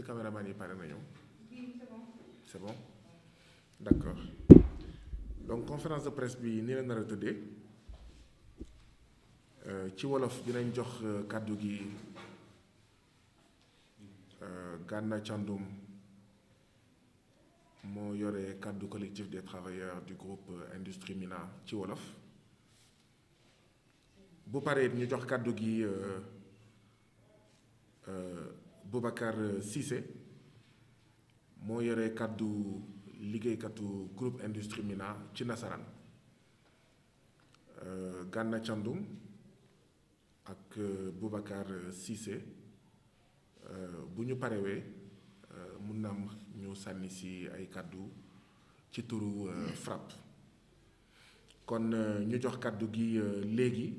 que caméraman yi pare nañu c'est bon d'accord donc conférence de presse bi nii la nar a euh, ci wolof dinañ jox euh, kàddu gi euh, Gana Thiandoum moo yore kàddu collectif des travailleurs du groupe Industrie Mina ci wolof bu paree ñu jox kàddu gi. Boubacar euh, Cissé moo yore kàddu liggéeykatu group industrie Mina ci nasaraan euh, gànna Thiandoum ak euh, Boubacar Cissé bu ñu parewee mun na ñu sànni si ay kàddu ci turu FRAPP kon ñu jox kàddu gi léegi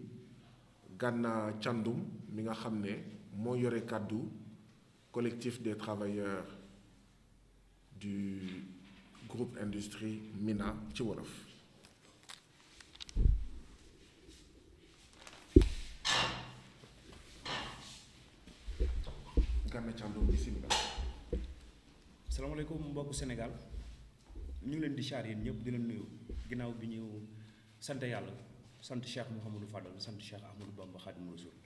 Gana Thiandoum mi nga xam ne moo yore kàddu collectif de travailleurs du groupe industrie Mina ci wolof Gana Thiandoum bismillah salaamaaleykum mbokku Sénégal ñu ngi leen di char yéen ñëpp di leen nuyu ginnaaw bi ñu sant yàlla sant Cheikh Mouhamadou Fadal sant Cheikh Ahmadou Bamba Khadimou Rassoul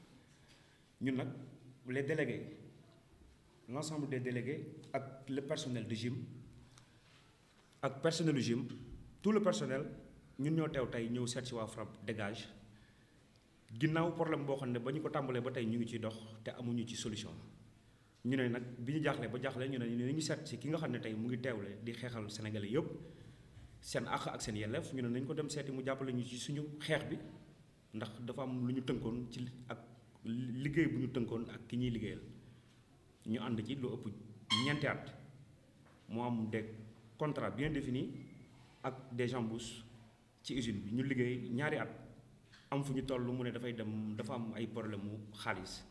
ñun nag les délégués l'ensemble des délégués ak le personnel de gym ak personnel du tout le personnel ñun ñoo teew tey ñëw seet si waa FRAPP dégage ginnaaw problème boo xam ne ba ñu ko tàmbalee ba tey ñu ngi ciy dox te amuñu ci solution ñu ne nag bi ñu jaaxlee ba jaaxlee ñu ne ñu seet si ki nga xam ne tey mu ngi teewle di xeexal sénégalais yëpp seen àq ak seen yelleef ñu ne nañ ko dem seeti mu jàppale ñu ci suñu xeex bi ndax dafa am lu ñu tënkoon ci ak liggéey bu ñu tënkoon ak ki ñuy liggéeyal. ñu ànd ci lu ëpp ñeenti at moo am des contrat bien définis ak des ci usine bi ñu liggéey ñaari at am fu ñu toll mu ne dafay dem dafa am ay problème mu xaalis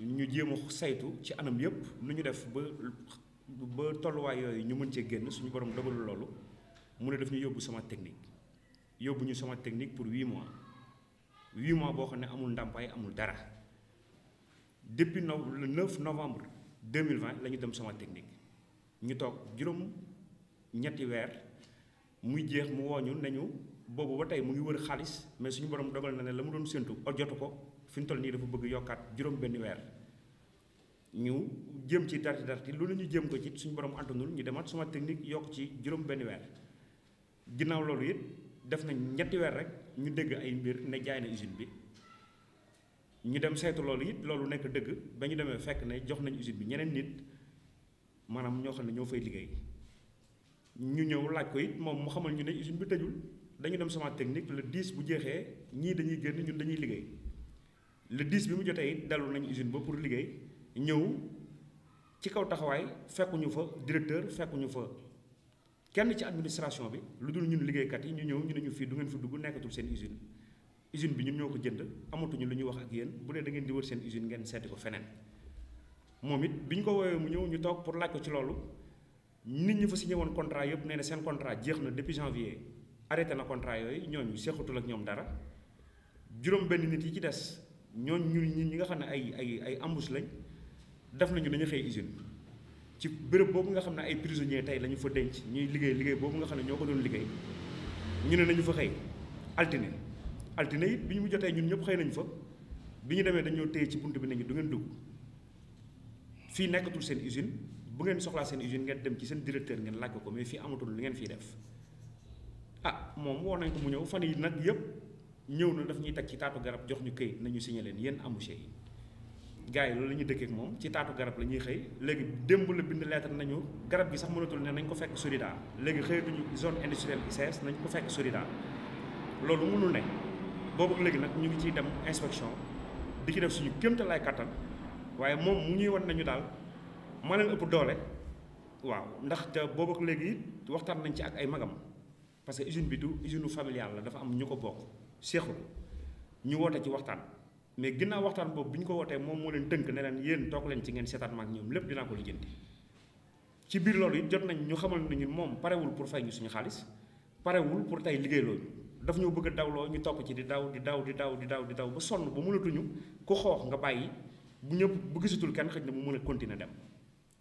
ñu jéem a saytu ci anam yépp nu ñu def ba ba tolluwaay yooyu ñu mën cee génn suñu borom dogalu loolu mu ne def ñu yóbbu sama technique yóbbu ñu sama technique pour huit mois huit mois boo xam ne amul ndàmpaay amul dara. depuis no le 9 novembre 2020 la ñu dem sama technique ñu toog juróom ñetti weer muy jeex mu woo ñu nañu boobu ba tey mu ngi wër xaalis mais suñu borom dogal na ne la mu doon séentu o jotu ko fi mu toll nii dafa bëgg yokkaat juróom benn weer ñu jëm ci darti darti lu ñu jëm ko ci suñu borom antanul ñu demaat sama technique yokk ci juróom benn weer ginnaaw loolu it def nañ ñetti weer rek ñu dégg ay mbir ne jaay na usine bi ñu dem saytu loolu it loolu nekk dëgg ba ñu demee fekk ne jox nañ usine bi ñeneen nit maanaam ñoo xam ne ñoo fay liggéey ñu ñëw laaj ko it moom mu xamal ñu ne usine bi tëjul dañu dem sama technique le 10 bu jeexee ñii dañuy génn ñun dañuy liggéey le 10 bi mu jotee it dellu nañ usine ba pour liggéey ñëw ci kaw taxawaay fekkuñu fa directeur fekkuñu fa kenn ci administration bi lu dul ñun liggéeykat yi ñu ñëw ñu ne ñu fii du ngeen fi dugg nekkatul seen usine. usine bi ñun ñoo ko jënd amatuñu lu ñuy wax ak yéen bu dee da ngeen di wër seen usine ngeen seeti ko feneen moom it bi ñu ko woowee mu ñëw ñu toog pour laaj ko ci loolu nit ñu fa si ñëwoon contra yëpp nee na seen contrat jeex na depuis janvier arrêté na contrat yooyu ñooñu seexatul ak ñoom dara juróom benn nit yi ci des ñooñ ñu ñi ñi nga xam ne ay ay ay embauche lañ def nañu dañu xëy usine ci bërëb boobu nga xam ne ay prisonniers tey la ñu fa denc ñuy liggéey liggéey boobu nga xam ne ñoo ko doon liggéey ñu ne nañu fa altine altine it bi ñu mu jotee ñun ñëpp xëy nañ fa bi ñu demee dañoo téye ci bunt bi nañu du ngeen dugg fii nekkatul seen usine bu ngeen soxlaa seen usine ngeen dem ci seen directeur ngeen laaj ko mais fii amatul li ngeen fii def ah moom woo nañ ko mu ñëw fan yi nag yëpp ñëw na daf ñuy teg ci taatu garab jox ñu këyit nañu signé leen yéen embauché yi gars yi loolu la ñuy dëkkeek moom ci taatu garab la ñuy xëy léegi démb la bind lettre nañu garab gi sax mënatul ne nañ ko fekk Sorida léegi xëyatuñu zone industrielle ICS nañ ko fekk Sorida loolu mënul ne boobu léegi nag ñu ngi ciy dem inspection di ci def suñu kéemtalaay kattan waaye moom mu ñuy wan nañu daal ma leen ëpp doole waaw ndax te boobu ak léegi waxtaan nañ ci ak ay magam parce que usine bi du usine familiale la dafa am ñu ko bokk seexul ñu woote ci waxtaan mais ginnaaw waxtaan boobu bi ñu ko wootee moom moo leen tënk ne leen yéen toog leen ci ngeen seetaan ma ñoom lépp dinaa ko lijjanti ci biir loolu it jot nañ ñu xamal nañu moom parewul pour fay ñu suñu xaalis parewul pour tey liggéey loolu daf ñoo bëgg a dawloo ñu topp ci di daw di daw di daw di daw di daw ba sonn ba mënatuñu ku xoox nga bàyyi bu ñëpp bu gisatul kenn xëj na mu mën a continuer dem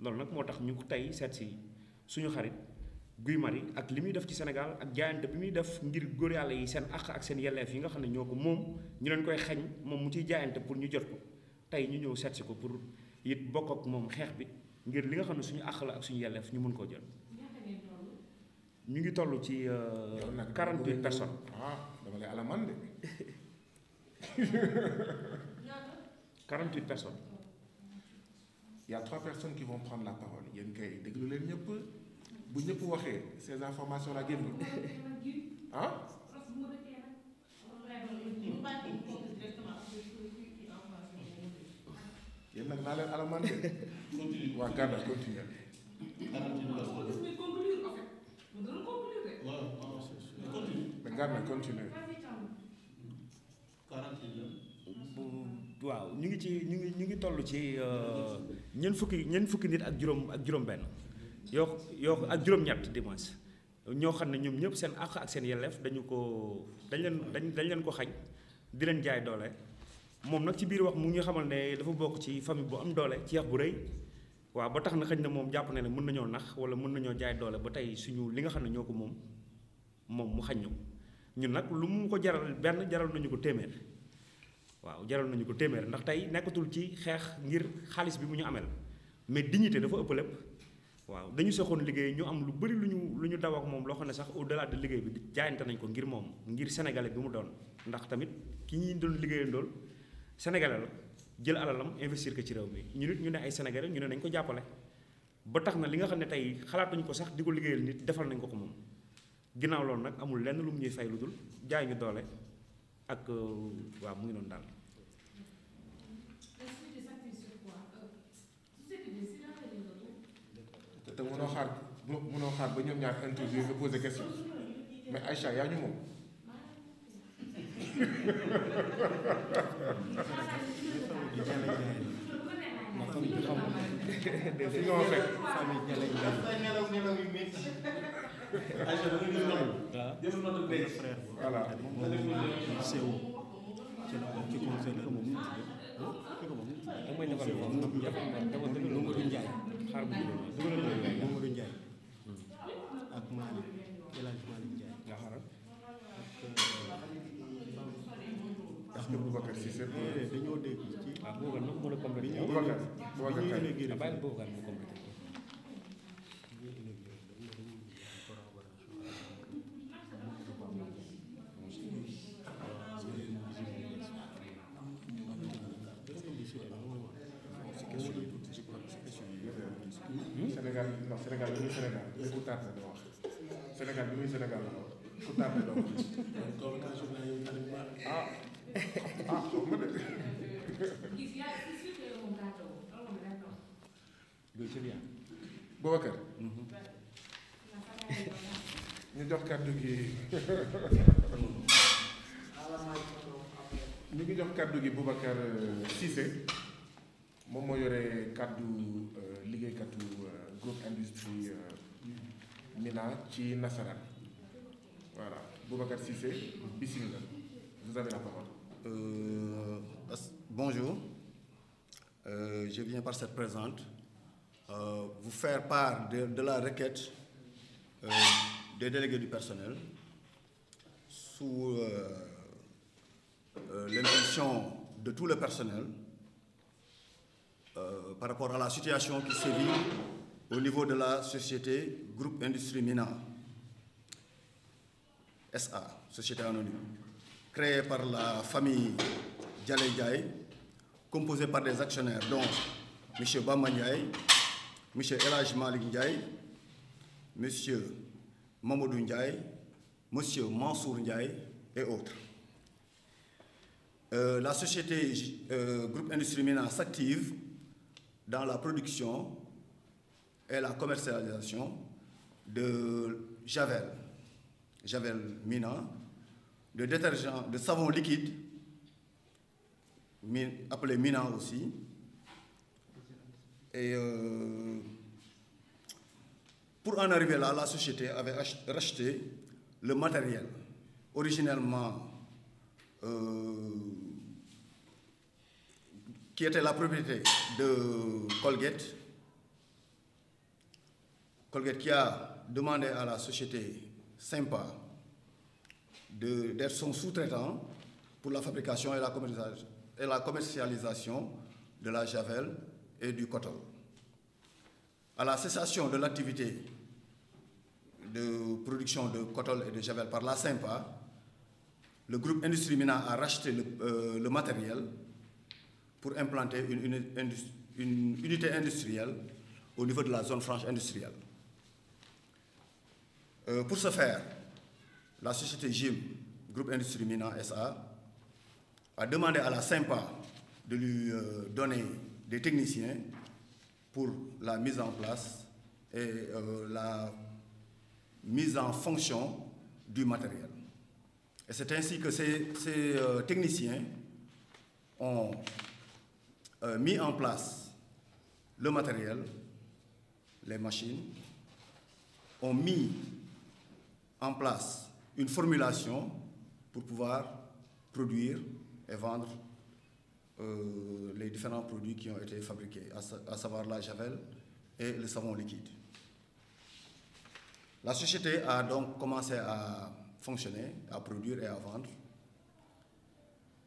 loolu nag moo tax ñu ko tey seet si suñu xarit Guy Marius ak li muy def ci Sénégal ak jaayante bi muy def ngir góor yàlla yi seen àq ak seen yelleef yi nga xam ne ñoo ko moom ñu leen koy xañ moom mu ciy jaayante pour ñu jot ko tey ñu ñëw seet ko pour it bokk ak moom xeex bi ngir li nga xam ne suñu àq ak suñu yelleef ñu mën koo jël ñu ngi toll ci. Euh, quarante huit personnes. ah dama lay alamaan de. quarante huit personnes. y' a trois personnes qui vont prendre la parole yéen kay déglu leen ñëpp bu ñëpp waxee ces informations la génn ah. yéen nag naa leen alamaan waa Gana continuer. Ghana continue waaw ñu ngi ci ñu ngi ñu ngi toll ci euh, ñeent fukki ñeent fukki nit ak juróom ak juróom-benn yoo yoo ak juróom-ñett dimanche ñoo xam ne ñoom ñëpp seen àq ak seen yelleef dañu ko dañ leen dañ dañ leen ko xañ di leen jaay doole moom nag ci biir wax mu ñu xamal ne dafa bokk ci famille bu am doole ci yax bu rëy waaw ba tax na xëñ ne moom jàpp na ne mën nañoo nax wala mën nañoo jaay doole ba tey suñu li nga xam ne ñoo ko moom moom mu xañ ñu ñun nag lu mu ko jaral benn jaral nañu ko téeméer waaw jaral nañu ko téeméer ndax tey nekkatul ci xeex ngir xaalis bi mu ñu amel mais di dignité dafa ëpp lépp waaw dañu soxoon liggéey ñu am lu bëri lu ñu lu ñu daw ak moom loo xam ne sax au delà liggéey bi jaayante nañ ko ngir moom ngir sénégalais bi mu doon ndax tamit ki ñuy doon liggéeyandool sénégalais la jël alalam investir ko ci réew mi ñu nit ñu ne ay sénégalais ñu ne nañ ko jàppale ba tax na li nga xam ne tey xalaatuñ ko sax di ko liggéeyal nit defal nañ ko ko moom ginnaaw loolu nag amul lenn lu mu ñuy fay lu dul jaay ñu doole ak euh, waaw mu ngi noonu daal. te mënoo xaar mënoo xaar ba ñoom ñaar interview nga posé question mais Aïcha yaa ñu moom. fi nga ma fekk. voilà. ak Malick El Hadj Malick Ndiaye. nga xaaral ak. ndax Boubacar Cissé eh, dañoo dégg. Boubacar nag mën a complété. Boubacar Boubacar Kane bàyyi Boubacar mu complété. Hmm? Sénégal non Sénégal bi muy Sénégal mais ku tardé doo wax Sénégal bi muy Sénégal la ku tardé doo wax. ah ah xaw ma de. gis mhm. ñu jox kàddu gi ñu ngi jox kàddu gi Boubacar euh, Cissé moom moo yore kàddu euh, liggéeykatu euh, groupe industrie Mina ci nasaraan voilà Boubacar Cissé bisimilah vous avez la parole. bonjour. Euh, je viens par cette présente euh, vous faire part de, de la requête euh, des délégués du personnel sous euh, euh, l'impulsion de tout le personnel euh, par rapport à la situation qui sévit au niveau de la société Groupe Industrie Mina SA, société anonyme, créée par la famille Djalé Diaye composé par des actionnaires donc M. Bamaniaï, M. Elaj Malik Ndiaye, M. Mamadou Ndiaye, M. Mansour Ndiaye et autres. Euh, la société euh, Groupe Industrie Mina s'active dans la production et la commercialisation de Javel, Javel Mina, de détergent, de savon liquide appelé Mina aussi. Et euh, pour en arriver là, la société avait racheté le matériel originellement euh, qui était la propriété de Colgate. Colgate qui a demandé à la société Sympa d'être son sous-traitant pour la fabrication et la commercialisation et la commercialisation de la javel et du coton. À la cessation de l'activité de production de coton et de javel par la SEMPA, le groupe Industrie Mina a racheté le, euh, le matériel pour implanter une, une, unité industrielle au niveau de la zone franche industrielle. Euh, pour ce faire, la société GIM, Groupe Industrie Mina SA, à demander à la SEMPA de lui euh, donner des techniciens pour la mise en place et euh, la mise en fonction du matériel. Et c'est ainsi que ces, ces euh, techniciens ont mis en place le matériel, les machines, ont mis en place une formulation pour pouvoir produire et vendre euh, les différents produits qui ont été fabriqués, à, savoir la javel et le savon liquide. La société a donc commencé à fonctionner, à produire et à vendre.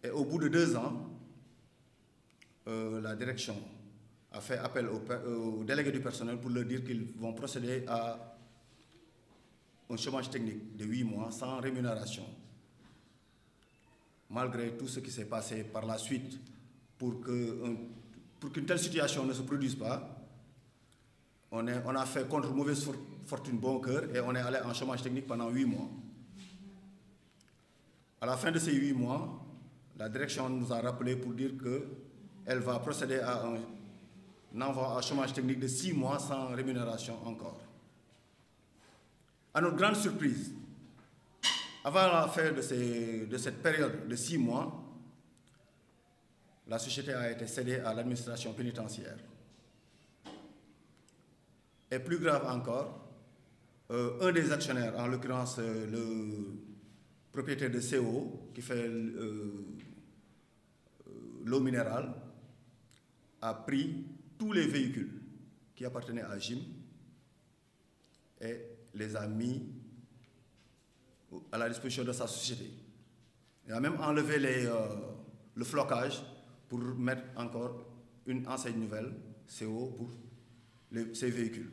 Et au bout de deux ans, euh, la direction a fait appel aux, au délégués du personnel pour leur dire qu'ils vont procéder à un chômage technique de huit mois sans rémunération malgré tout ce qui s'est passé par la suite, pour qu'une qu telle situation ne se produise pas, on, a fait contre mauvaise fortune bon cœur et on est allé en chômage technique pendant huit mois. À la fin de ces huit mois, la direction nous a rappelé pour dire qu'elle va procéder à un un envoi à chômage technique de six mois sans rémunération encore. À notre grande surprise, Avant la fin de, ces, de cette période de six mois, la société a été cédée à l'administration pénitentiaire. Et plus grave encore, euh, un des actionnaires, en l'occurrence euh, le propriétaire de CO qui fait euh, euh, l'eau minérale, a pris tous les véhicules qui appartenaient à Jim et les a à la disposition de sa société. Il a même enlevé les, euh, le flocage pour mettre encore une enseigne nouvelle, CO, pour les, véhicules.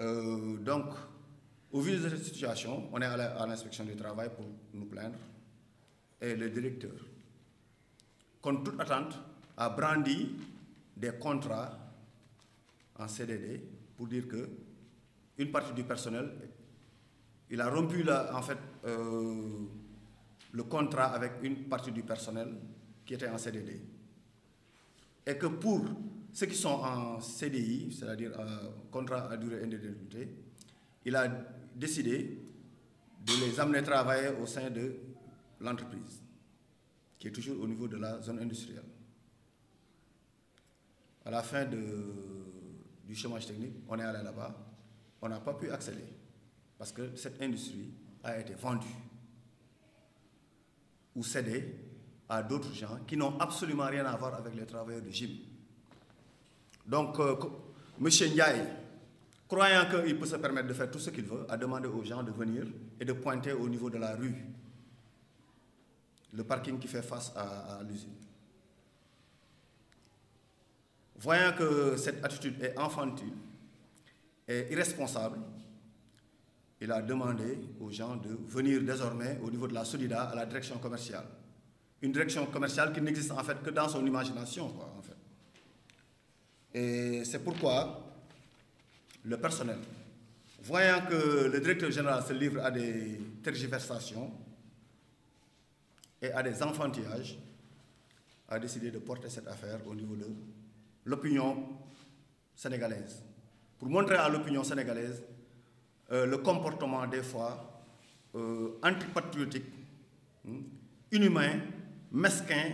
Euh, donc, au vu de cette situation, on est à l'inspection du travail pour nous plaindre et le directeur, contre toute attente, a brandi des contrats en CDD pour dire que une partie du personnel il a rompu la, en fait, euh, le contrat avec une partie du personnel qui était en CDD. Et que pour ceux qui sont en CDI, c'est-à-dire euh, contrat à durée indéterminée, il a décidé de les amener travailler au sein de l'entreprise, qui est toujours au niveau de la zone industrielle. À la fin de, du chômage technique, on est allé là-bas, on n'a pas pu accélérer. parce que cette industrie a été vendue ou cédée à d'autres gens qui n'ont absolument rien à voir avec les travailleurs du gym. Donc, euh, M. Ndiaye, croyant qu'il peut se permettre de faire tout ce qu'il veut, a demandé aux gens de venir et de pointer au niveau de la rue le parking qui fait face à, à l'usine. Voyant que cette attitude est enfantine et irresponsable, il a demandé aux gens de venir désormais au niveau de la Solida à la direction commerciale. Une direction commerciale qui n'existe en fait que dans son imagination. Quoi, en fait. Et c'est pourquoi le personnel, voyant que le directeur général se livre à des tergiversations et à des enfantillages, a décidé de porter cette affaire au niveau de l'opinion sénégalaise. Pour montrer à l'opinion sénégalaise euh, le comportement des fois euh, antipatriotique, hmm, inhumain, mesquin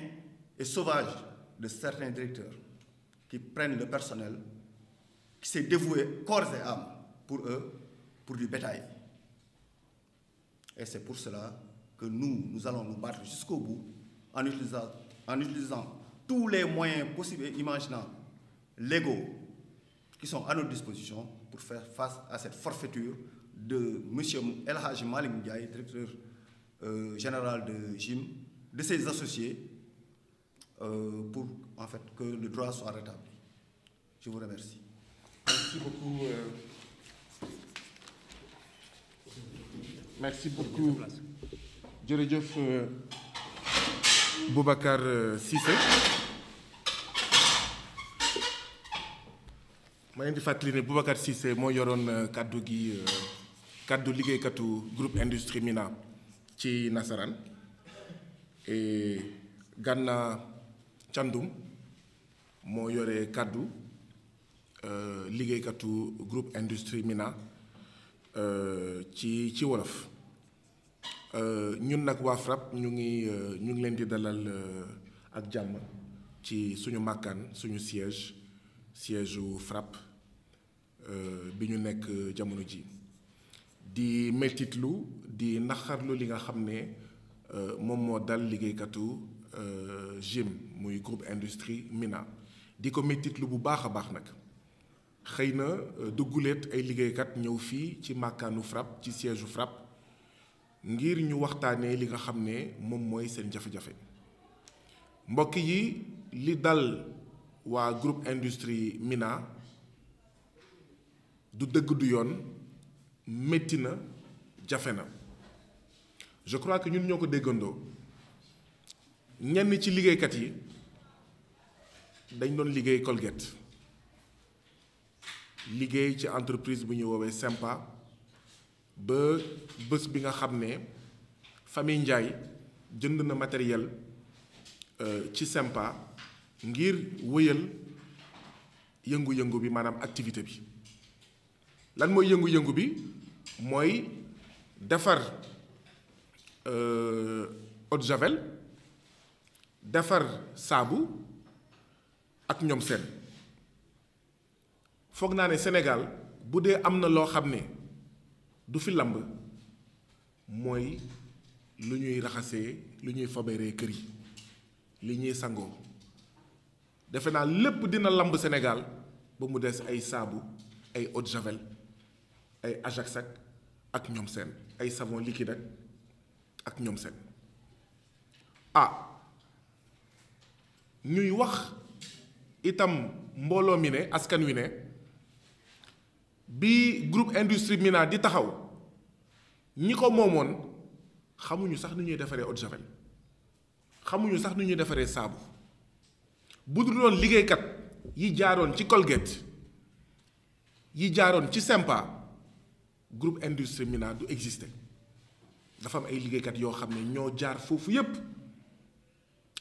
et sauvage de certains directeurs qui prennent le personnel, qui s'est dévoué corps et âme pour eux, pour du bétail. Et c'est pour cela que nous, nous allons nous battre jusqu'au bout en utilisant, en utilisant tous les moyens possibles et imaginables légaux qui sont à notre disposition pour faire face à cette forfaiture de monsieur El Hadji Malick Ndiaye directeur euh, général de JIM de ses associés euh, pour en fait que le droit soit rétabli je vous remercie. merci beaucoup euh... merci beaucoup jërëjëf euh, Boubacar euh, Cissé. ma leen di fàttali ne Boubacar Cissé moo yoroon euh, gi euh, kàddu liggéeykatu groupe industrie Mina ci nasaraan et Gana moo yore kàddu euh, liggéeykatu groupe industrie Mina ci ci wolof ñun nag waa FRAPP ñu ngi ñu ngi leen di dalal ak jàmm ci suñu màkkaan suñu siège siège u FRAPP Euh, bi ñu nekk jamono ji di mettitlu di naxarlu li nga xam ne euh, moom moo dal liggéeykatu euh, GIM muy groupe industrie Mina di ko mettitlu bu baax a baax nag xëy na dugguleet ay liggéeykat ñëw fii ci màkkaanu FRAPP ci siège u FRAPP ngir ñu waxtaanee li nga xam ne moom mooy seen jafe-jafe mbokk yi li dal waa groupe industrie Mina du dëgg du yoon métti na jafe na je crois que ñun ñoo ko déggandoo ñenn ci liggéeykat yi dañ doon liggéey Colgate liggéey ci entreprise bu ñu woowee Sempa ba bés bi nga xam ne famille Ndiaye jënd na matériel euh, ci Sempa ngir wëyal yëngu-yëngu bi maanaam activité bi lan mooy yëngu-yëngu bi mooy defar euh, eau de javel defar saabu ak ñoom seen foog naa ne senegal bu dee am na loo xam ne du fi lamb mooy lu ñuy raxasee lu ñuy faberee kër yi li ñuy sangoo defe naa lépp dina lamb Sénégal ba mu des ay saabu ay eau de javel ay Ajax ak ñoom seen ay savon liquide ak ak ñoom seen a ah, ñuy wax itam mbooloo mi ne askan wi ne bi group industrie Mina di taxaw ñi ko moomoon xamuñu sax nu ñuy defaree eau javel xamuñu sax ni ñuy defaree saabu bu dul doon liggéeykat yi jaaroon ci Colgate yi jaaroon ci Sempa groupe industrie Mina du exister dafa am ay liggéeykat yoo xam ne ñoo jaar foofu yépp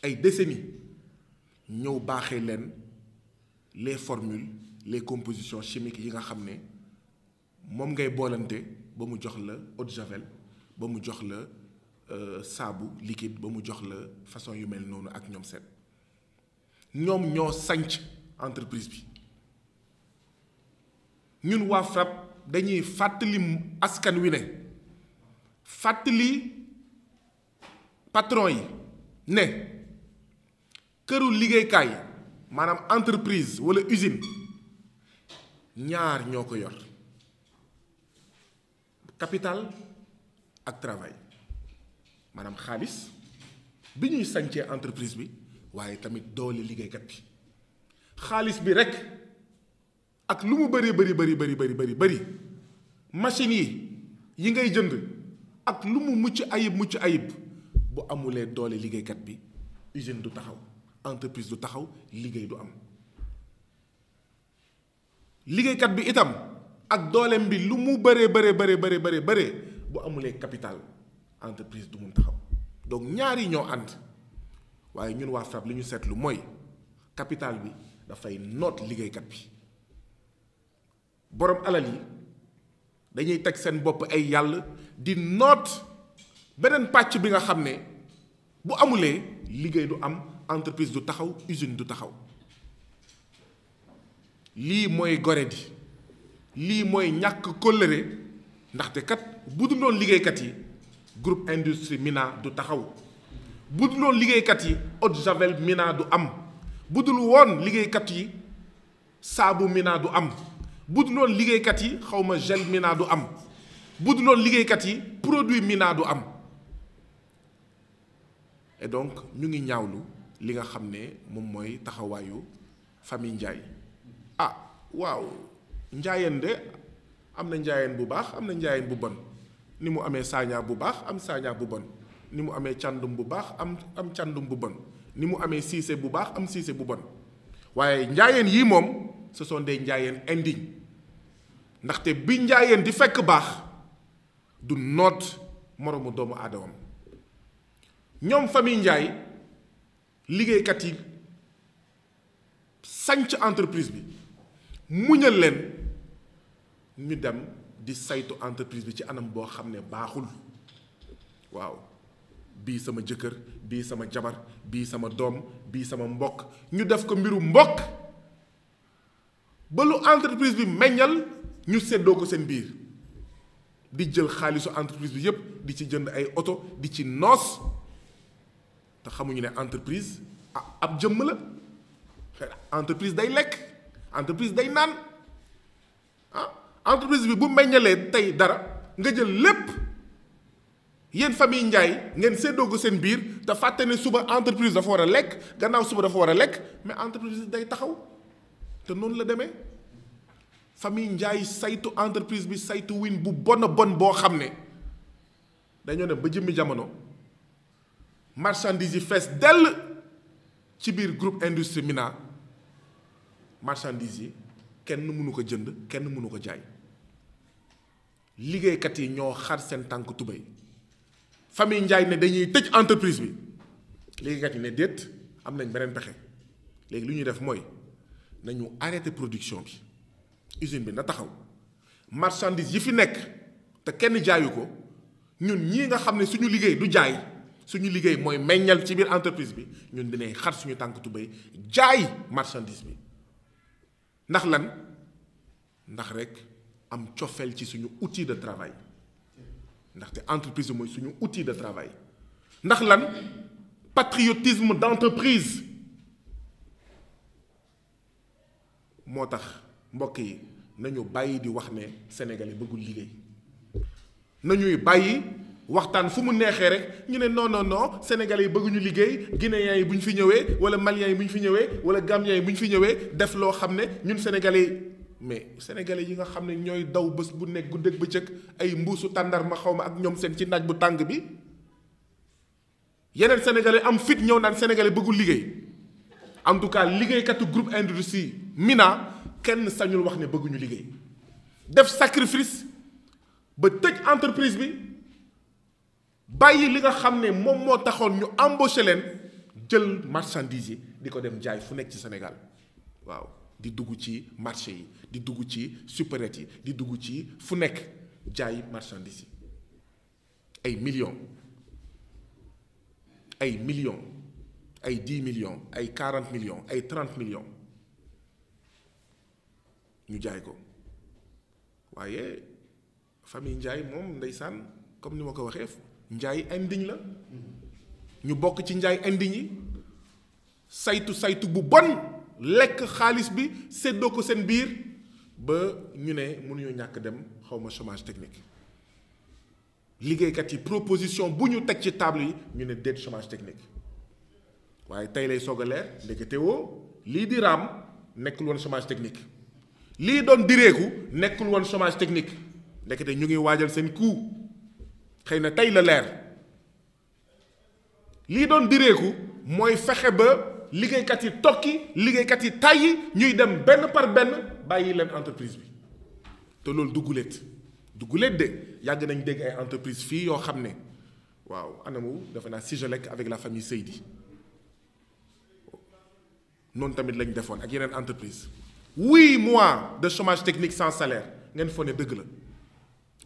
ay décennies ñëw baaxee leen les formules les compositions chimiques yi nga xam ne moom ngay boolante ba mu jox la eau javel ba mu jox la euh, saabu liquide ba mu jox la façon yu mel noonu ak ñoom seen ñoom ñoo sanc entreprise bi ñun waa FRAPP dañuy fàttali askan wi ne fàttali patron yi ne këru liggéeykaay maanaam entreprise walla usine ñaar ñoo ko yor capital ak travail maanaam xaalis bi ñuy sancee entreprise bi waaye tamit doole liggéeykat bi xaalis bi rekk ak lu mu bëri bari bëri bëri bari bëri bëri machines yi yi ngay jënd ak lu mu mucc ayib mucc ayib bu amulee doole liggéeykat bi usine du taxaw entreprise du taxaw liggéey du am liggéeykat bi itam ak dooleem bi lu mu bëree bëree bëree bëree bëree bëree bu amulee capital entreprise du mun taxaw donc ñaari ñoo ànd waaye ñun waa FRAPP li ñu seetlu mooy capital bi dafay noot liggéeykat bi borom alal yi dañuy teg seen bopp ay yàlla di noot beneen pàcc bi nga xam ne bu amulee liggéey du am entreprise du taxaw usine du taxaw lii mooy gore lii mooy ñàkk kóllëre ndaxte kat bu du doon liggéeykat yi groupe industrie Mina du taxaw bu dul woon liggéeykat yi eau de javel Mina du am bu dul woon liggéeykat yi saabu Mina du am bu du liggéeykat yi xaw ma gel mina du am bu du loon liggéeykat yi produit mina du am et donc ñu ngi ñaawlu li nga xam ne moom mooy taxawaayu famille Ndiaye ah waaw njaayeen de am na njaayeen bu baax am na njaayeen bu bon ni mu amee saañaa bu baax am saañaa bu bon ni mu amee chandum bu baax am am càndum bu bon ni mu amee siise bu baax am siise bu bon waaye njaayeen yii moom ce sont des njaayeen indignes ndaxte bi njaayeen di fekk baax du noot moroomu doomu aadamam ñoom famille njaay liggéeykat yi sanc entreprise bi mu ñël leen ñu dem di saytu entreprise bi ci anam boo xam ne baaxul waaw bii sama jëkkër bii sama jabar bii sama doom bii sama mbokk ñu def ko mbiru mbokk ba lu entreprise bi meññal ñu seddoo ko seen biir di jël xaalisu entreprise bi yépp di ci jënd ay oto di ci noos te xamuñu ne entreprise ab jëmm la entreprise day lekk entreprise day naan ah entreprise bi bu meññalee tey dara nga jël lépp yéen famille njaay ngeen séddoo ko seen biir te fàtte ne suba entreprise dafa war a lekk gannaaw suba dafa war a lekk mais entreprise day taxaw te noonu la demee. famille njaay saytu entreprise bi saytu win bu bon bon boo xam ne dañoo ne ba jëmmi jamono marchandise yi fees dell ci biir groupe industrie Mina marchandise yi kenn mënu ko jënd kenn mënu ko jaay liggéeykat yi ñoo xar seen tànk tubéy famille Ndiaye ne dañuy tëj entreprise bi liggéeykat yi ne déet am nañ beneen pexe léegi lu ñuy def mooy nañu arrêté production bi usine bi na taxaw marchandise yi fi nekk te kenn jaayu ko ñun ñii nga xam ne suñu liggéey du jaay suñu liggéey mooy meññal ci biir entreprise bi ñun dinañ xar suñu tànk tubéy jaay marchandise bi ndax lan ndax rek am cofeel ci suñu outil de travail ndaxte entreprise bi mooy suñu outil de travail ndax lan patriotisme d'entreprise moo tax mbokk yi nañu bàyyi di wax ne sénégalais bëggul liggéey nañuy bàyyi waxtaan fu mu neexee rek ñu ne non non non sénégalais yi bëgguñu liggéey guinéens yi bu ñu fi ñëwee wala maliens yi bu ñu fi ñëwee wala gambiens yi bu ñu fi ñëwee def loo xam ne ñun sénégalais yi mais sénégalais yi nga xam ne ñooy daw bés bu nekk ba jëkk ay mbuusu tàndar ma xaw ma ak ñoom seen ci naaj bu tàng bi yeneen sénégalais am fit ñëw naan sénégalais bëggul liggéey en tout cas liggéeykatu groupe industrie mina kenn sañul wax ne bëgguñu liggéey def sacrifice ba tëj entreprise bi bàyyi li nga xam ne moom moo taxoon ñu embauché leen jël marchandise yi di ko dem jaay fu nekk ci senegal waaw di dugg ci marché yi di dugg ci supérette yi di dugg ci fu nekk jaay marchandise yi ay millions ay millions ay dix millions ay quarante millions ay trente millions ñu jaay ko waaye famille Ndiaye moom ndeysaan comme ni ma ko waxee Ndiaye indiñ la ñu bokk ci njaay indiñ yi saytu saytu bu bon lekk xaalis bi seddoo ko seen biir ba ñu ne mënuñu ñàkk dem xawma chômage technique liggéeykat yi proposition bu ñu teg ci table yi ñu ne déet chômage technique waaye tey lay soog a leer ndeketewoo lii di raam nekkul woon chômage technique lii doon direeku nekkul woon chômage technique ndekete ñu ngi waajal seen coup xëy na tey la leer lii doon direeku mooy fexe ba liggéeykat yi tokki liggéeykat yi tàyyi ñuy dem benn par benn bàyyi leen entreprise bi te loolu dugguleet dugguleet de yàgg nañ dégg ay entreprise fii yoo xam ne waaw anamu dafa naa Sigelec avec la famille Seydi noonu tamit lañ defoon ak yeneen entreprise huit mois de chômage technique sans salaire ngeen foo dëgg la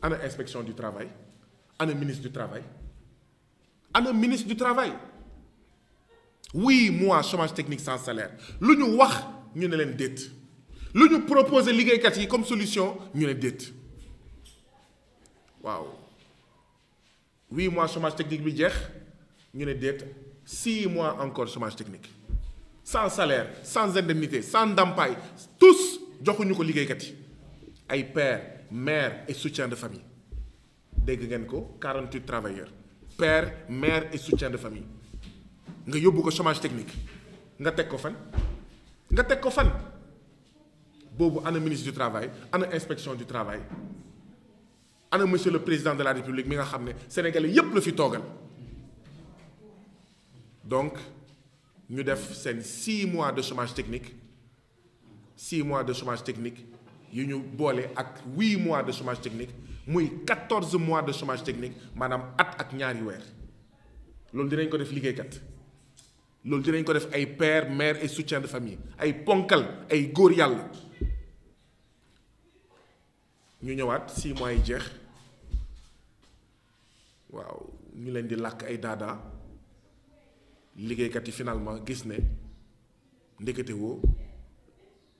ana inspection du travail ana ministre du travail ana ministre du travail huit mois chômage technique sans salaire lu ñu wax ñu ne leen déet lu ñu proposé liggéeykat yi comme solution ñu ne déet waaw huit mois chômage technique bi jeex ñu ne déet six mois encore chômage technique sans salaire sans indemnité sans ndàmpaay tous joxuñu ko liggéeykat yi ay père mère et soutien de famille dégg ngeen ko 48 travailleurs père mère et soutien de famille nga yóbbu ko chômage technique nga teg ko fan nga teg ko fan boobu ana ministre du travail ana inspection du travail ana monsieur le président de la république mi nga xam ne sénégalais yépp la fi toogal ñu def seen six mois de chômage technique six mois de chômage technique yu ñu boole ak huit mois de chômage technique muy quatorze mois de chômage technique maanaam at ak ñaari weer loolu dinañ ko def liggéeykat loolu dinañ ko def ay père mère et soutien de famille ay ponkal ay góor yàlla ñu ñëwaat six mois yi jeex waaw ñu leen di làkk ay daadaa liggéeykat yi finalement gis ne ndeketewoo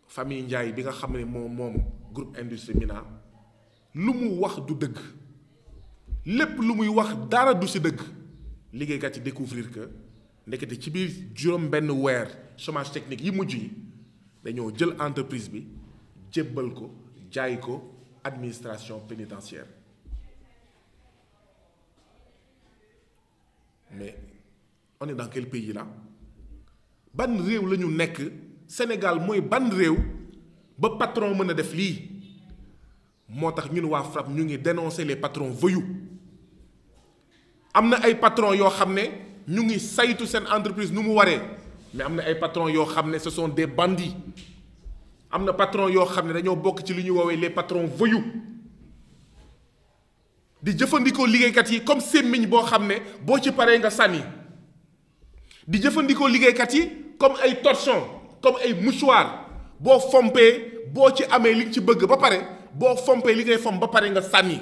famille Ndiaye bi nga xam ne moom moom groupe industrie Mina lu mu wax du dëgg lépp lu muy wax dara du si dëgg liggéeykat yi découvrir que ndekete ci biir juróom-benn weer chômage technique yi mujj yi dañoo jël entreprise bi jébbal ko jaay ko administration pénitentiaire on est dans quel pays ban réew la ñu nekk Sénégal mooy ban réew ba patron mën a def lii moo tax ñun waa FRAPP ñu ngi dénoncer les patrons voyous am na ay patrons yoo xam ne ñu ngi saytu seen entreprise nu mu waree mais am na ay patrons yoo xam ne ce sont des bandits am na patron yoo xam ne dañoo bokk ci li ñu woowee les patrons voyous di jëfandikoo liggéeykat yi comme sémmiñ boo xam ne boo ci paree nga sànni. di jëfandikoo liggéeykat yi comme ay torchon comme ay mouchoir boo fompee boo ci amee li nga ci bëgg ba pare boo fompee li ngay fomp ba pare nga sànni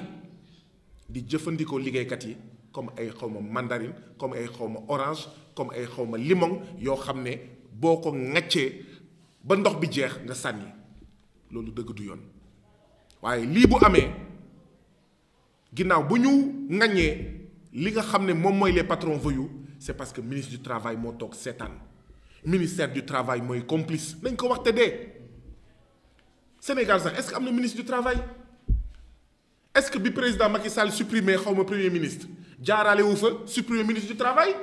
di jëfandikoo liggéeykat yi comme ay xawma mandarin comme ay xawma orange comme ay xawma limon yoo xam ne boo ko ŋaccee ba ndox bi jeex nga sànni loolu dëgg du yoon waaye lii bu amee ginnaaw bu ñu ŋaññee li nga xam ne moom mooy les patrons voyous c'est parce que ministre du travail moo toog seetaan ministère du travail mooy complice nañ ko wax te dee Sénégal sax est-ce am na ministre du travail est-ce que bi président Macky Sall supprimé xaw ma premier ministre jaaraale wu fa supprimé ministre du travail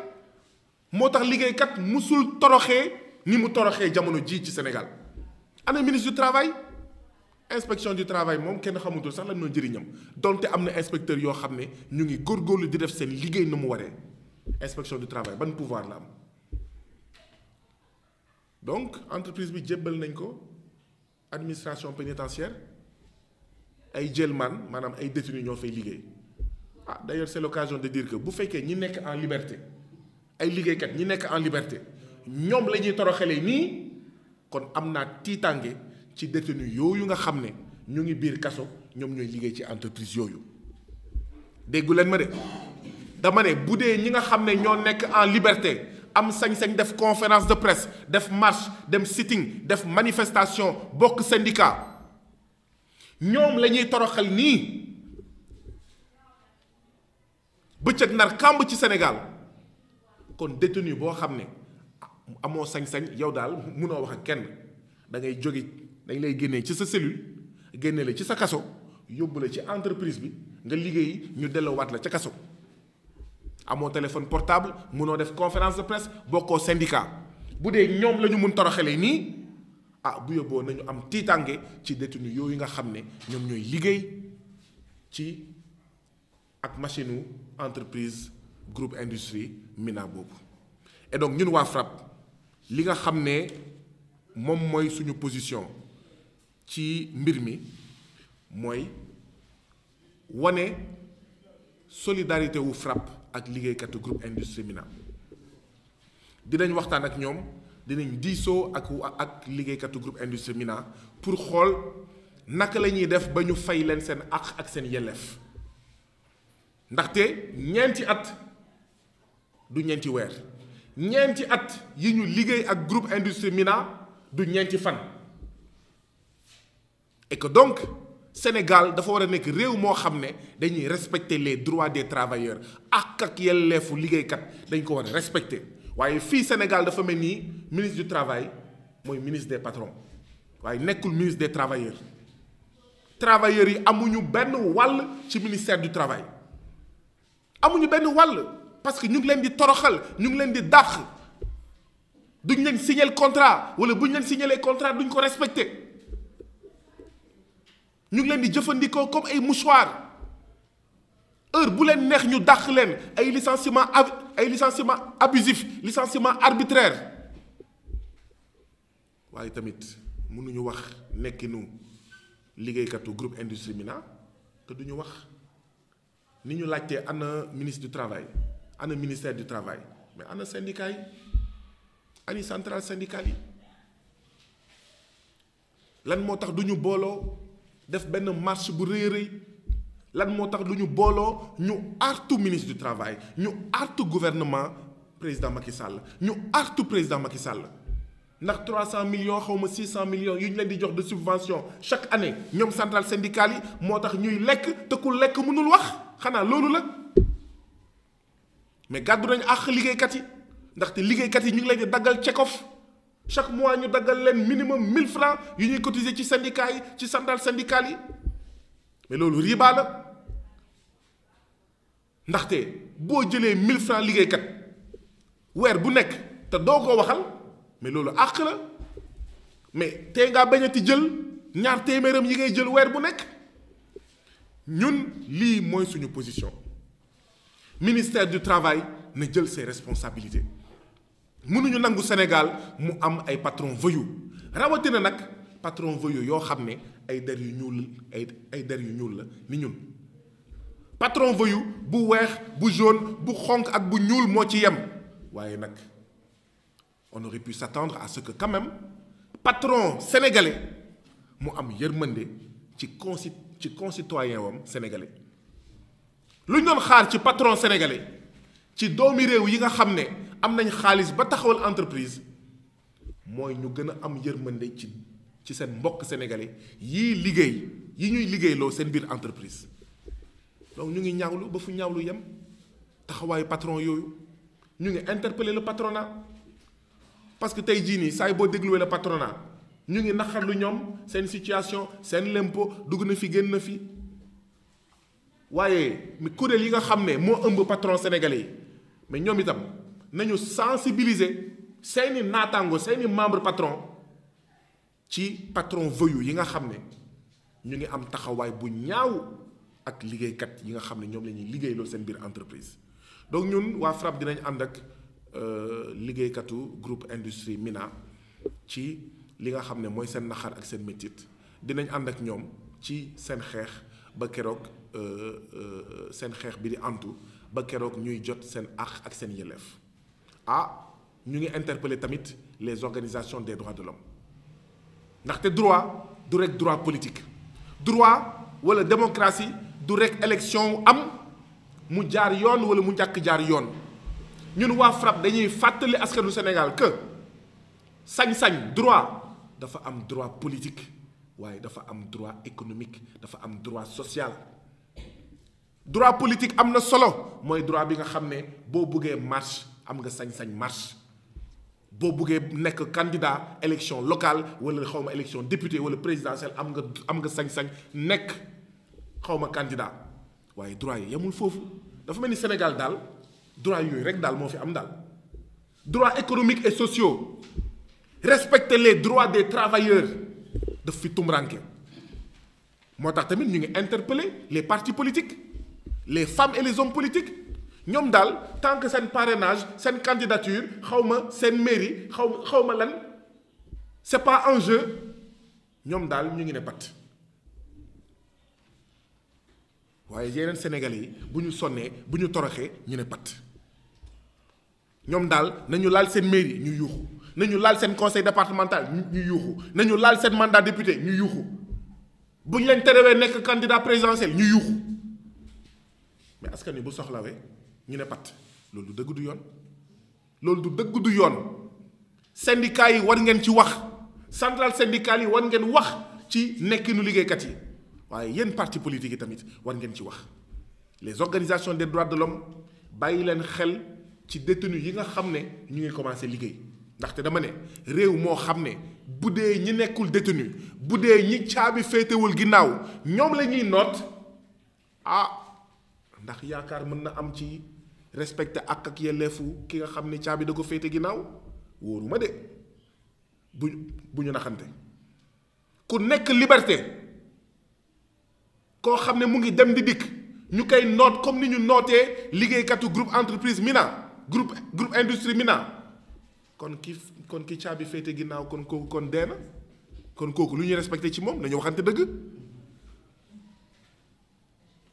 moo tax liggéey kat musul toroxee ni mu toroxee jamono jii ci Sénégal ana ministre du travail inspection du travail moom kenn xamutul sax lan mooy njëriñam donte am na inspecteur yoo xam ne ñu ngi góor góorgóorlu di def seen liggéey na mu waree. inspection du travail ban pouvoir la am donc entreprise bi jébbal nañ ko administration pénitentiaire ay jël jëlmaan maanaam ay détenus ñoo fay liggéey ah d'ailleurs c'est de dire que bu fekkee ñi nekk en liberté ay liggéeykat ñi nekk en liberté ñoom la ñuy toroxalee nii kon am naa tiitaange ci détenus yooyu nga xam ne ñu ngi biir kaso ñoom ñooy liggéey ci entreprise yooyu déggu leen ma de dama ne bu dee ñi nga xam ne ñoo nekk en liberté am sañ-sañ def conférence de presse def marche dem sitting def manifestation bokk syndicat ñoom la ñuy toroxal nii bëccëg nar kàmb ci Sénégal kon détenu boo xam ne amoo sañ-sañ yow daal munoo wax ak kenn da ngay jóge dañ lay génnee ci sa cellule génne la ci sa kaso yóbbu la ci entreprise bi nga liggéey ñu delloowaat la ca kaso. amoo téléphone portable munoo def conférence de presse bokkoo syndicat bu dee ñoom la ñu mun toroxalee nii ah bu yóbboo nañu am tiitange ci détenu yooyu nga xam ne ñoom ñooy liggéey ci ak machine entreprise groupe industrie Mina boobu. et donc ñun waa FRAPP li nga xam ne moom mooy suñu position ci mbir mi mooy wane solidarité wu FRAPP. ak liggéeykatu groupe industrie Mina dinañ waxtaan ak ñoom dinañ diisoo ak liggéeykatu groupe industrie Mina pour xool naka lañuy def ba ñu fay leen seen àq ak seen yelleef ndaxte ñeenti at du ñeenti weer ñeenti at yi ñu liggéey ak groupe industrie Mina du ñeenti fan et que Sénégal dafa war a nekk réew moo xam ne dañuy respecter les droits des travailleurs ak ak yelleefu liggéeykat dañ ko war a respecter waaye fii Sénégal dafa mel nii ministre du travail mooy ministre des patrons waaye nekkul ministre des travailleurs travailleurs yi amuñu benn wàll ci ministère du travail amuñu benn wàll parce que ñu ngi leen di toroxal ñu ngi leen di dàq duñ nekk signer contrat wala buñ leen signer contrat duñ ko respecte ñu ngi leen di jëfandikoo comme ay mouchoir heure bu leen neex ñu dàq leen ay licenciement ay licenciement abusif licenciement arbitraire waaye tamit mënuñu wax nekkinu liggéeykatu groupe industrie Mina te ñu wax ni ñu laajtee ana ministre du travail ana ministère du travail mais ana syndicat yi ani centrale syndicale yi lan moo tax du ñu booloo def benn marche bu rëy rëy lan moo tax lu ñu booloo ñu artu ministre du travail ñu artu gouvernement président Macky Sall ñu artu président Macky Sall ndax 300 million xaw ma 600 millions yu ñu leen di jox de subvention chaque année ñoom centrale syndicale yi moo tax ñuy lekk te lekk mënul wax xanaa loolu la mais gàddu nañu àq liggéeykat yi ndaxte liggéeykat yi ñu ngi leen di daggal cekof chaque mois ñu daggal leen minimum 1000 francs yu ñuy cotiser ci syndicat yi ci centrale syndicale yi mais loolu riba la ndaxte boo jëlee 1000 francs liggéeykat weer bu nekk te doo ko waxal mais loolu àq la mais tey ngaa bañati jël ñaar téeméeram yi ngay jël weer bu nekk ñun lii mooy suñu position ministère du travail na jël ses responsabilité mënuñu nangu Sénégal mu am ay patron voyou rawatina nag patron voyou yoo xam ne ay der yu ñuul ay ay der yu ñuul la ni ñun patron voyou bu weex bu jaune bu xonq ak bu ñuul moo ci yem waaye nag on aurait pu s'attendre à ce que quand même patron sénégalais mu am yërmande ci consi ci concitoyen wam sénégalais lu ñu doon xaar ci patron sénégalais ci doomi réew yi nga xam ne am nañ xaalis ba taxawal entreprise mooy ñu gën a am yërmande ci ci seen mbokk sénégalais yii liggéey yi ñuy liggéeyloo seen biir entreprise donc ñu ngi ñaawlu ba fu ñaawlu yem taxawaayu patron yooyu ñu ngi interpeller le patronat parce que tey jii nii saa yi boo dégluwee le patronat ñu ngi naqarlu ñoom seen situation seen lempo dugg na fi génn na fi waaye mi kuréel yi nga xam ne moo ëmb patron sénégale yi mais ñoom itam. nañu sensibiliser seeni naataango seeni membre patron ci patron voyou yi nga xam ne ñu ngi am taxawaay bu ñaaw ak liggéeykat yi nga xam ne ñoom lañuy ñuy liggéey loolu seen biir entreprise donc ñun waa FRAPP dinañ ànd ak euh, liggéeykatu groupe industrie Mina ci li nga xam ne mooy seen naxar ak seen métit dinañ ànd ak ñoom ci seen xeex ba keroog euh, euh, seen xeex bi di antu ba keroog ñuy jot seen àq ak seen yelleef ah ñu ngi interpeller tamit les organisations des droits de l'homme ndaxte droit du rek droit politique droit wala démocratie du rek élection am mu jaar yoon wala mu njàkk jaar yoon ñun waa FRAPP dañuy fàttali askanu Sénégal que sañ-sañ droit dafa am droit politique waaye dafa am droit économiques dafa am droit social droit politique am na solo mooy droit bi nga xam ne boo bëggee marche am nga sañ-sañ marche boo buggee nekk candidat élection locale wala xawma élection député wala présidentielle am nga am nga sañ-sañ nekk xawma candidat waaye droit yi yemul foofu dafa mel ni Sénégal daal droit yooyu rek daal moo fi am daal droits économique et sociaux respecter les droits des travailleurs daf fi tumranke moo tax tamit ñu ngi interpeller les partis politiques les femmes et les hommes politiques ñoom daal tant que seen parrainage seen candidature xaw ma seen mairie xaw xaw ma lan c'est pas un jeu ñoom daal ñu ngi ne pat waaye yeneen Sénégalais yi bu ñu sonnee bu ñu toroxee ñu ne pat ñoom daal nañu laal seen mairie ñu yuuxu nañu laal seen conseil départemental ñu yuuxu ñu laal seen mandat député ñu yuuxu bu ñu leen terewee nekk candidat présidentiel ñu yuuxu mais askani bu soxlawee. ñu ne pat loolu du dëgg du yoon loolu du dëgg du yoon syndicat yi war ngeen ci wax central syndical yi war ngeen wax ci nekkinu liggéeykat yi waaye yéen parti politique yi tamit war ngeen ci wax les organisations des droits de l'homme bàyyi leen xel ci détenu yi nga xam ne ñu ngi commencé liggéey ndaxte dama ne réew moo xam ne bu dee ñi nekkul détenu bu dee ñi caabi féetewul ginnaaw ñoom la noot ah ndax yaakaar mën na am ci respecté ak ak yelleefu ki nga xam ni caabi da ko féete ginnaaw wóoruma de bu bu ñu naxante ku nekk liberté koo xam ne mu ngi dem di dikk ñu koy noot comme ni ñu nootee liggéeykatu groupe entreprise Mina groupe groupe industrie Mina kon ki kon ki caabi féete ginnaaw kon kooku kon dee kon kooku lu ñuy respecté ci moom dañu waxante dëgg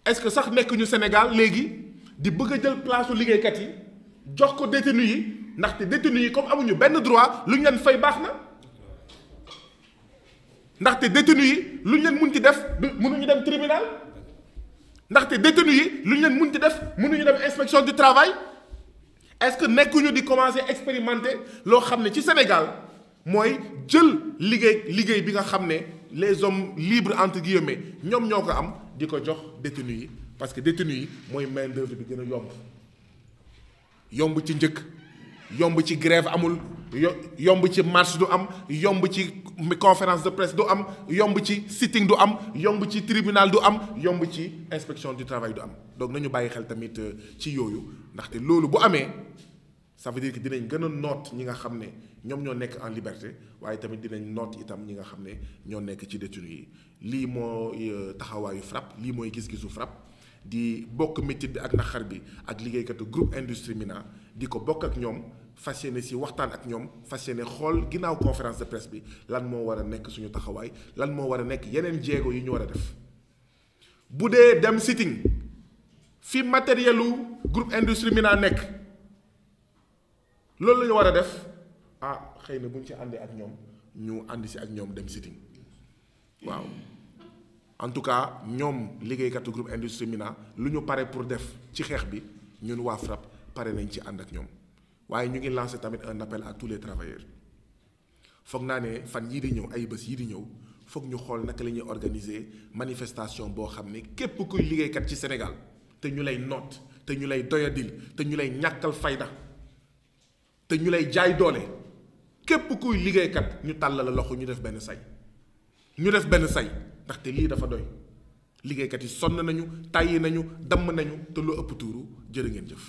est-ce que sax nekk ñu Sénégal léegi di bëgg a jël place liggéeykat yi jox ko détenu yi ndaxte détenu yi comme amuñu benn droit lu ñu leen fay baax na ndaxte détenu yi lu ñu leen munti def mënuñu dem tribunal ndaxte détenu yi lu ñu leen munti def mënuñu dem inspection du travail est-ce que nekkuñu di commencer expérimenter loo xam ne ci Sénégal mooy jël liggéey liggéey bi nga xam ne les hommes libres entre guillemets ñoom ñoo ko am di ko jox détenu yi parce que détenu yi mooy main d'œuvre bi gën a yomb yomb ci njëkk yomb ci grève amul yomb ci marche du am yomb ci conférence de presse du am yomb ci sitting du am yomb ci tribunal du am yomb ci inspection du travail du am donc nañu bàyyi xel tamit euh, ci yooyu ndaxte loolu bu amee ça veut dire dinañ gën noot ñi nga xam ne ñoom ñoo nekk en liberté waaye tamit dinañ noot itam ñi nga xam ne ñoo nekk ci détenu yi lii moo euh, taxawaayu FRAPP lii mooy gis-gisu FRAPP di bokk métit bi ak naxar bi ak liggéeykatu group industrie Mina di ko bokk ak ñoom fas yéene si waxtaan ak ñoom fas yéene xool ginnaaw conférence de presse bi lan moo war a nekk suñu taxawaay lan moo war a nekk yeneen jéego yu ñu war a def bu dee dem sitting fi matériel lu groupe industrie Mina nekk loolu lañu war a def ah xëy na bu ñu ci àndee ak ñoom ñu ànd si ak ñoom dem sitting waaw. en tout cas ñoom liggéeykatu groupe industrie Mina lu ñu pare pour def ci xeex bi ñun waa FRAPP pare nañ ci ànd ak ñoom waaye ñu ngi lancé tamit un appel à tous les travailleurs foog naa ne fan yii di ñëw ay bés yi di ñëw foog ñu xool naka la ñuy organiser manifestation boo xam ne képp kuy liggéeykat ci senegal te ñu lay nott te ñu lay doyadil te ñu lay ñàkkal fayda te ñu lay jaay doole képp kuy liggéeykat ñu tàllal loxo ñu def benn say ñu def benn say. ndaxte lii dafa doy liggéeykat yi sonn nañu tàyyi nañu damm nañu te lu ëpp tuuru jërë ngeen jëf.